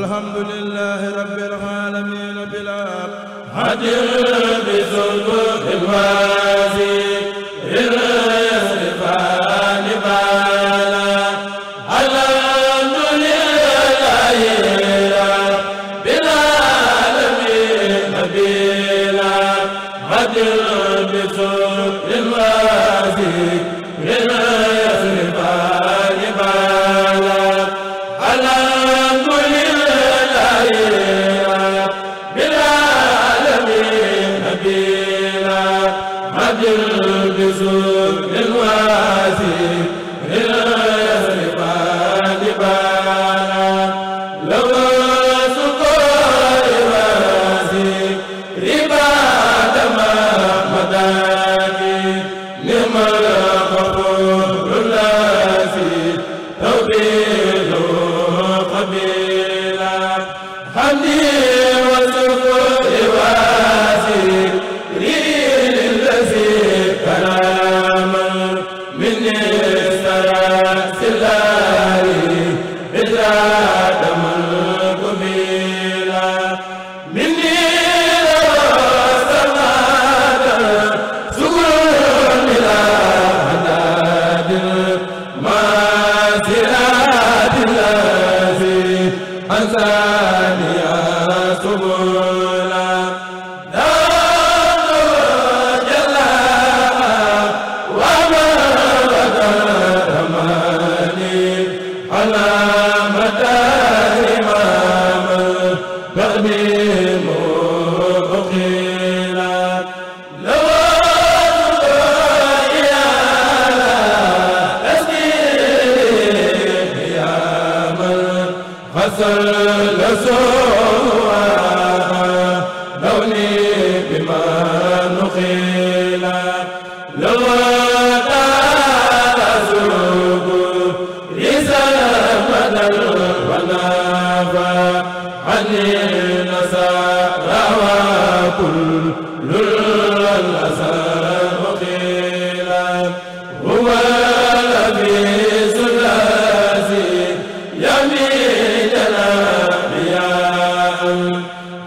alhamdulillahi rabbil alamin bila hadir bi zulmil wazi Adil Hamdi ala mata imam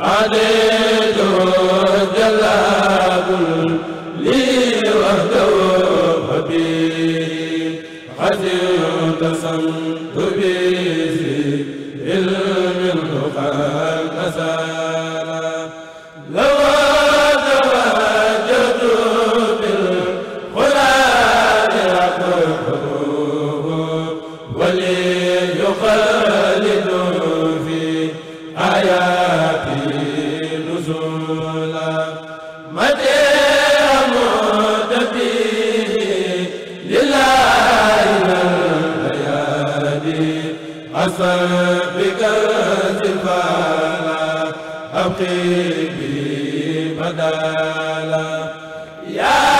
ale yaa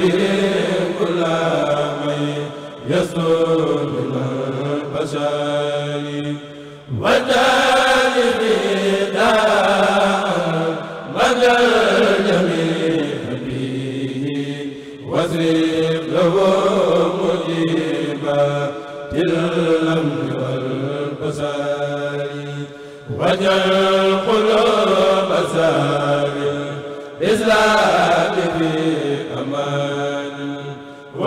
wajal qulub asami islam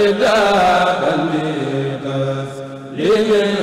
li